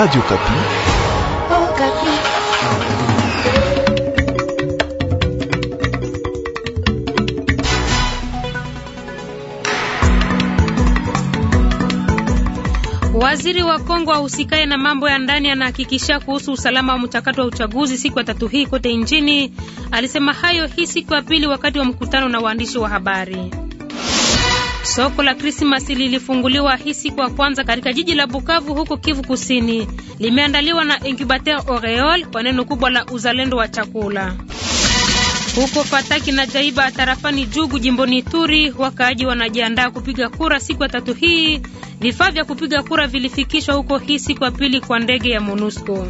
Radio Kapi. Oh, Kapi. Waziri wa Kongo ahusikaye na mambo ya ndani anahakikisha kuhusu usalama wa mchakato wa uchaguzi siku ya tatu hii kote nchini. Alisema hayo hii siku ya pili wakati wa mkutano na waandishi wa habari. Soko la Krismasi lilifunguliwa hii siku ya kwanza katika jiji la Bukavu huko Kivu Kusini. Limeandaliwa na Incubateur Oreol kwa neno kubwa la uzalendo wa chakula. Huko Fataki na Jaiba tarafani Jugu jimboni Ituri, wakaaji wanajiandaa kupiga kura siku ya tatu hii. Vifaa vya kupiga kura vilifikishwa huko hii siku ya pili kwa ndege ya MONUSCO.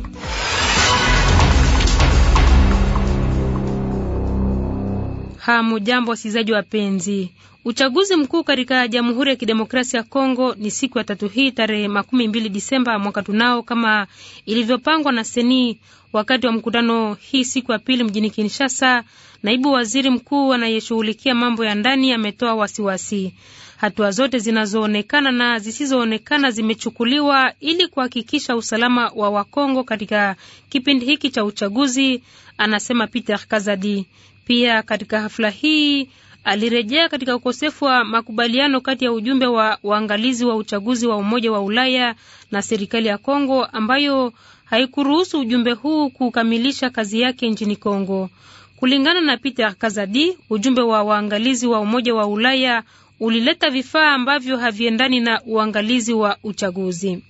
jambo wasikilizaji wapenzi. Uchaguzi mkuu katika Jamhuri ya Kidemokrasia ya Kongo ni siku ya tatu hii tarehe makumi mbili Disemba mwaka tunao, kama ilivyopangwa na Seni. Wakati wa mkutano hii siku ya pili mjini Kinshasa, naibu waziri mkuu anayeshughulikia mambo ya ndani ametoa wasiwasi. Hatua zote zinazoonekana na zisizoonekana zimechukuliwa ili kuhakikisha usalama wa Wakongo katika kipindi hiki cha uchaguzi, anasema Peter Kazadi. Pia katika hafla hii alirejea katika ukosefu wa makubaliano kati ya ujumbe wa waangalizi wa uchaguzi wa Umoja wa Ulaya na serikali ya Kongo ambayo haikuruhusu ujumbe huu kukamilisha kazi yake nchini Kongo. Kulingana na Peter Kazadi, ujumbe wa waangalizi wa Umoja wa Ulaya ulileta vifaa ambavyo haviendani na uangalizi wa uchaguzi.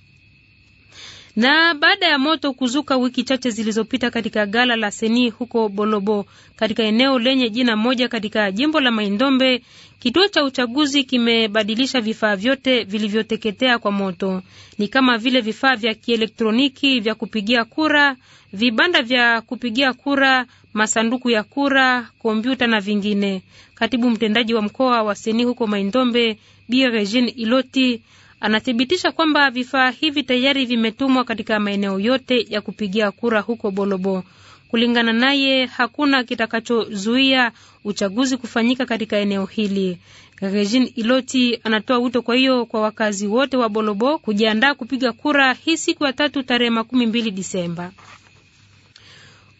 Na baada ya moto kuzuka wiki chache zilizopita katika gala la Seni huko Bolobo katika eneo lenye jina moja katika jimbo la Maindombe, kituo cha uchaguzi kimebadilisha vifaa vyote vilivyoteketea kwa moto, ni kama vile vifaa vya kielektroniki vya kupigia kura, vibanda vya kupigia kura, masanduku ya kura, kompyuta na vingine. Katibu mtendaji wa mkoa wa Seni huko Maindombe, Bi Regine Iloti anathibitisha kwamba vifaa hivi tayari vimetumwa katika maeneo yote ya kupigia kura huko Bolobo. Kulingana naye, hakuna kitakachozuia uchaguzi kufanyika katika eneo hili. Regine Iloti anatoa wito kwa hiyo kwa wakazi wote wa Bolobo kujiandaa kupiga kura hii siku ya tatu tarehe makumi mbili Disemba.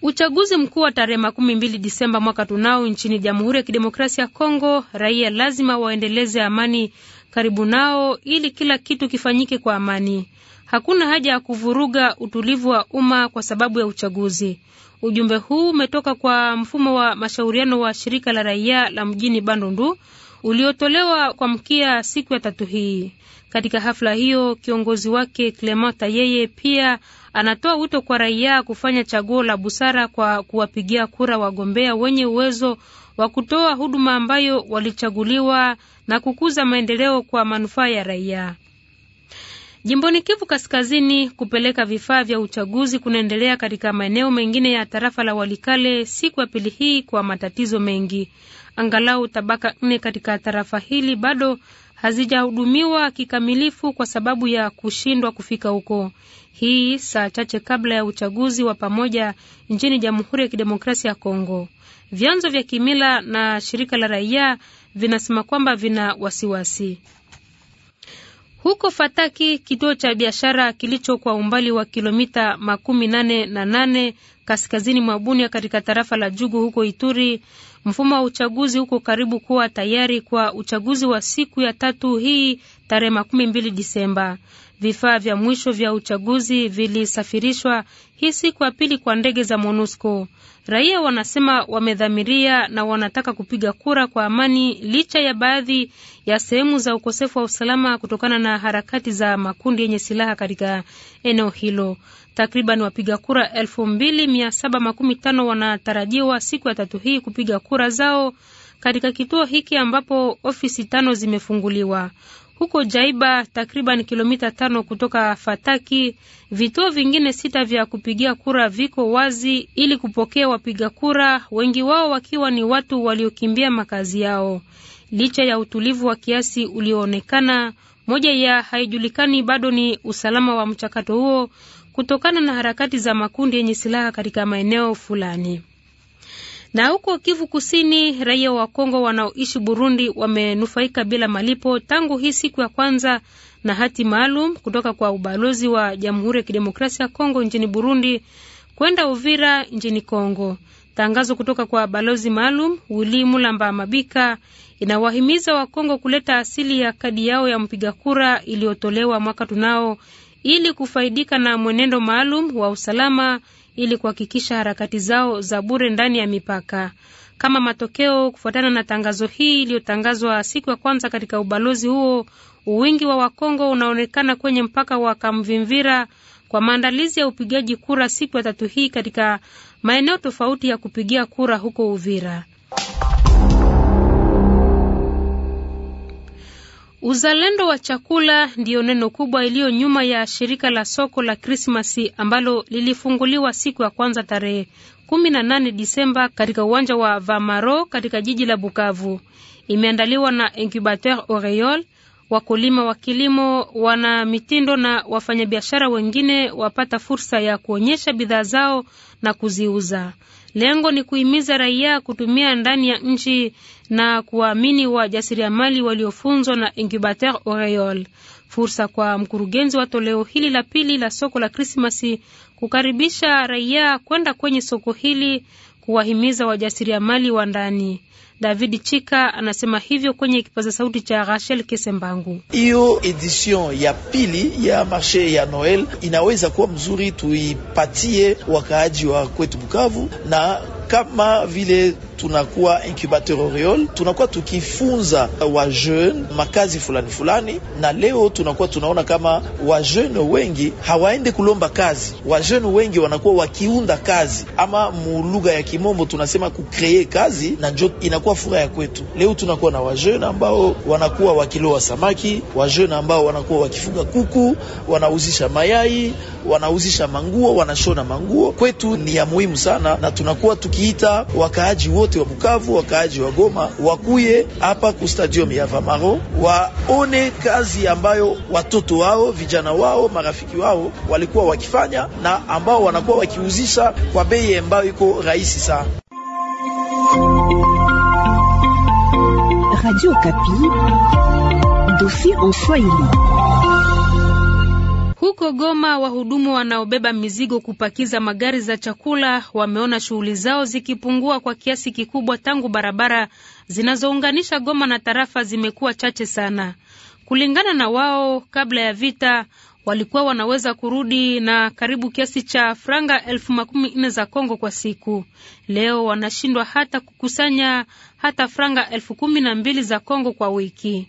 Uchaguzi mkuu wa tarehe makumi mbili Disemba mwaka tunao nchini Jamhuri ya Kidemokrasia ya Kongo, raia lazima waendeleze amani karibu nao ili kila kitu kifanyike kwa amani. Hakuna haja ya kuvuruga utulivu wa umma kwa sababu ya uchaguzi. Ujumbe huu umetoka kwa mfumo wa mashauriano wa shirika la raia la mjini Bandundu uliotolewa kwa mkia siku ya tatu hii. Katika hafla hiyo, kiongozi wake Clementa yeye pia anatoa wito kwa raia kufanya chaguo la busara kwa kuwapigia kura wagombea wenye uwezo wa kutoa huduma ambayo walichaguliwa na kukuza maendeleo kwa manufaa ya raia. Jimboni Kivu Kaskazini, kupeleka vifaa vya uchaguzi kunaendelea katika maeneo mengine ya tarafa la Walikale siku ya pili hii kwa matatizo mengi. Angalau tabaka nne katika tarafa hili bado hazijahudumiwa kikamilifu kwa sababu ya kushindwa kufika huko. Hii saa chache kabla ya uchaguzi wa pamoja nchini Jamhuri ya Kidemokrasia ya Kongo. Vyanzo vya kimila na shirika la raia vinasema kwamba vina wasiwasi. Huko Fataki, kituo cha biashara kilicho kwa umbali wa kilomita makumi nane na nane kaskazini mwa Bunia katika tarafa la Jugu huko Ituri, Mfumo wa uchaguzi uko karibu kuwa tayari kwa uchaguzi wa siku ya tatu hii tarehe makumi mbili Disemba. Vifaa vya mwisho vya uchaguzi vilisafirishwa hii siku ya pili kwa ndege za MONUSCO. Raia wanasema wamedhamiria na wanataka kupiga kura kwa amani licha ya baadhi ya sehemu za ukosefu wa usalama kutokana na harakati za makundi yenye silaha katika eneo hilo. Takriban wapiga kura elfu mbili mia saba makumi tano wanatarajiwa siku ya tatu hii kupiga kura zao katika kituo hiki ambapo ofisi tano zimefunguliwa. Huko Jaiba, takriban kilomita tano kutoka Fataki, vituo vingine sita vya kupigia kura viko wazi ili kupokea wapiga kura, wengi wao wakiwa ni watu waliokimbia makazi yao. Licha ya utulivu wa kiasi ulioonekana, moja ya haijulikani bado ni usalama wa mchakato huo kutokana na harakati za makundi yenye silaha katika maeneo fulani. Na huko Kivu Kusini, raia wa Kongo wanaoishi Burundi wamenufaika bila malipo tangu hii siku ya kwanza na hati maalum kutoka kwa ubalozi wa Jamhuri ya Kidemokrasia ya Kongo nchini Burundi kwenda Uvira nchini Kongo. Tangazo kutoka kwa balozi maalum Wili Mulamba Mabika inawahimiza Wakongo kuleta asili ya kadi yao ya mpiga kura iliyotolewa mwaka tunao ili kufaidika na mwenendo maalum wa usalama ili kuhakikisha harakati zao za bure ndani ya mipaka. Kama matokeo, kufuatana na tangazo hii iliyotangazwa siku ya kwanza katika ubalozi huo, uwingi wa Wakongo unaonekana kwenye mpaka wa Kamvimvira kwa maandalizi ya upigaji kura siku ya tatu hii katika maeneo tofauti ya kupigia kura huko Uvira. Uzalendo wa chakula ndiyo neno kubwa iliyo nyuma ya shirika la soko la Krismasi ambalo lilifunguliwa siku ya kwanza tarehe 18 Disemba katika uwanja wa Vamaro katika jiji la Bukavu. Imeandaliwa na Incubateur Oreol, wakulima wa kilimo, wana mitindo na wafanyabiashara wengine wapata fursa ya kuonyesha bidhaa zao na kuziuza. Lengo ni kuhimiza raia kutumia ndani ya nchi na kuwaamini wajasiriamali waliofunzwa na Incubateur Oreol. Fursa kwa mkurugenzi wa toleo hili la pili la soko la Krismasi kukaribisha raia kwenda kwenye soko hili kuwahimiza wajasiriamali wa ndani. David Chika anasema hivyo kwenye kipaza sauti cha Rachel Kesembangu. Hiyo edition ya pili ya marshe ya Noel inaweza kuwa mzuri, tuipatie wakaaji wa kwetu Bukavu na kama vile tunakuwa incubateur Oriol, tunakuwa tukifunza wa jeune makazi fulani fulani, na leo tunakuwa tunaona kama wa jeune wengi hawaende kulomba kazi, wa jeune wengi wanakuwa wakiunda kazi, ama mulugha ya kimombo tunasema kukree kazi, na njo inakuwa furaha ya kwetu. Leo tunakuwa na wa jeune ambao wanakuwa wakiloa samaki, wa jeune ambao wanakuwa wakifuga kuku, wanauzisha mayai wanauzisha manguo, wanashona manguo. Kwetu ni ya muhimu sana, na tunakuwa tukiita wakaaji wote wa Bukavu, wakaaji wa Goma wakuye hapa ku stadium ya Vamaro waone kazi ambayo watoto wao, vijana wao, marafiki wao walikuwa wakifanya na ambao wanakuwa wakiuzisha kwa bei ambayo iko rahisi sana. Radio Kapi, dossier en Swahili. Huko Goma, wahudumu wanaobeba mizigo kupakiza magari za chakula wameona shughuli zao zikipungua kwa kiasi kikubwa tangu barabara zinazounganisha Goma na tarafa zimekuwa chache sana. Kulingana na wao, kabla ya vita walikuwa wanaweza kurudi na karibu kiasi cha franga elfu makumi nne za Kongo kwa siku. Leo wanashindwa hata kukusanya hata franga elfu kumi na mbili za Kongo kwa wiki.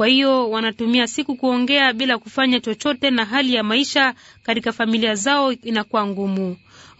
Kwa hiyo wanatumia siku kuongea bila kufanya chochote, na hali ya maisha katika familia zao inakuwa ngumu.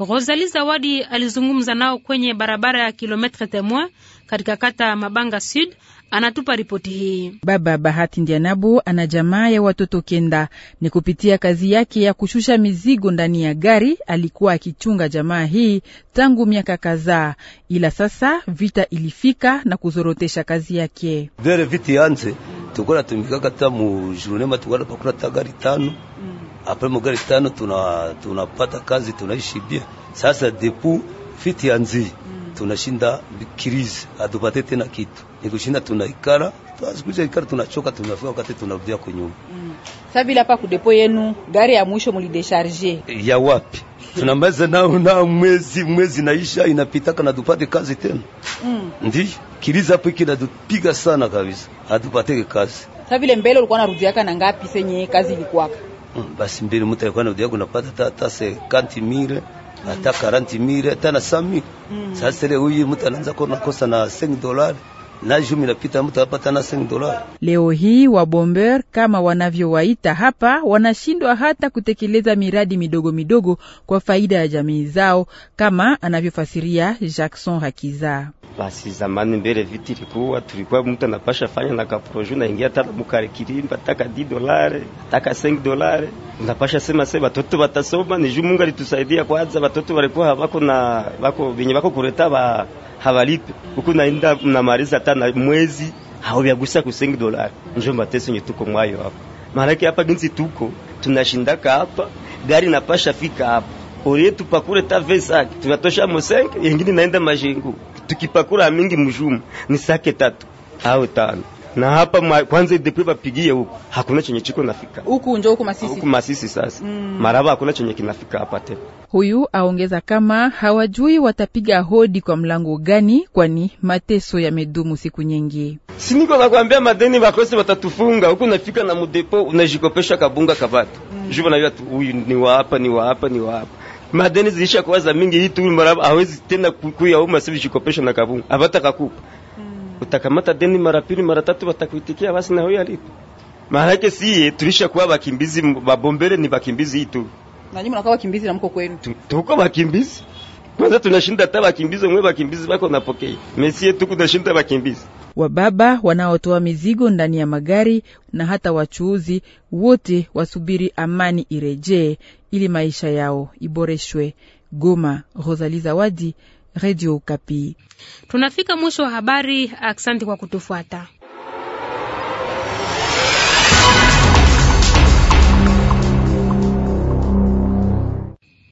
rosali Zawadi alizungumza nao kwenye barabara ya kilometre temoin katika kata Mabanga Sud. Anatupa ripoti hii. Baba Bahati Ndianabu ana jamaa ya watoto kenda. Ni kupitia kazi yake ya kushusha mizigo ndani ya gari alikuwa akichunga jamaa hii tangu miaka kadhaa, ila sasa vita ilifika na kuzorotesha kazi yake. Vere vita ianze tuko natumika kata mu journée matukana pakula tagari tano mm. Apre mugari tano tuna tunapata kazi tunaishi bien. Sasa depuis fiti ya nzii mm. tunashinda kirizi atupate tena kitu nikushinda, tunaikara tuasikuja ikara, tunachoka, tunafika wakati tunarudia kunyuma mm. Sabila pa kudepo yenu gari ya mwisho mulidesharge ya wapi? tunamaliza nao na mwezi mwezi naisha, inapitaka na dupate kazi tena mm. Ndi kiliza hapo iki kinatupiga sana kabisa, hatupate kazi. Sasa vile mbele ulikuwa unarudiaka na ngapi senye kazi ilikuwaka? Mm, basi mbele mtu alikuwa anarudiaka unapata hata sekanti mire hata hmm. karanti mile hata na sami. Hmm. Sasa leo huyu mtu anaanza kuona kosa na 5 dolari na jumi napita mtu apatana dola. Leo hii bomber kama wanavyowaita hapa wanashindwa hata kutekeleza miradi midogo midogo kwa faida ya jamii zao, kama anavyofasiria Jackson Hakiza. Basi zamani mbele viti likuwa tulikuwa mtu anapasha fanya na kaproje, tala hata kirimba taka di dolare taka 5 dolare, unapasha sema sema watoto watasoma. Ni juu Mungu alitusaidia kwanza, watoto walikuwa wako na wako vinyi wako kureta ba hawalipe huku naenda mnamaliza hata na mwezi hawavyagusa ku 5 dolari. Njo mateso nye tuko mwayo hapa, maanake hapa ginsi tuko tunashindaka hapa, gari napasha fika hapa orie tupakure ta vesake tunatosha mosenke yengine naenda mashengu, tukipakura mingi mjumu ni sake tatu au tano na hapa ma, kwanza depriva pigie huko hakuna chenye chiko nafika huku njo huku Masisi, huku Masisi sasa mm. Maraba hakuna chenye kinafika hapa tena. Huyu aongeza kama hawajui watapiga hodi kwa mlango gani, kwani mateso yamedumu siku nyingi. Si Siniko nakwambia madeni vakosi watatufunga huku, nafika na mudepo unajikopesha kabunga kavatu mm. Jivo tu huyu ni wa hapa ni wa hapa ni wa hapa madeni zilisha kuwa za mingi, hii tu Maraba hawezi tena kuyauma, jikopesha na kabunga avata kakupa mm utakamata deni mara pili mara tatu, watakuitikia basi na huyo alipo. Maana yake si tulisha kuwa wakimbizi, babombele ni wakimbizi itu. Na nyinyi mnakuwa wakimbizi na mko kwenu. Tuko wakimbizi. Kwanza tunashinda hata wakimbizi, mwe wakimbizi bako napokea. Mesie tuko tunashinda wakimbizi. Wababa wanaotoa mizigo ndani ya magari na hata wachuuzi wote wasubiri amani irejee ili maisha yao iboreshwe. Goma, Rosalie Zawadi Radio Kapi. Tunafika mwisho wa habari. Asante kwa kutufuata.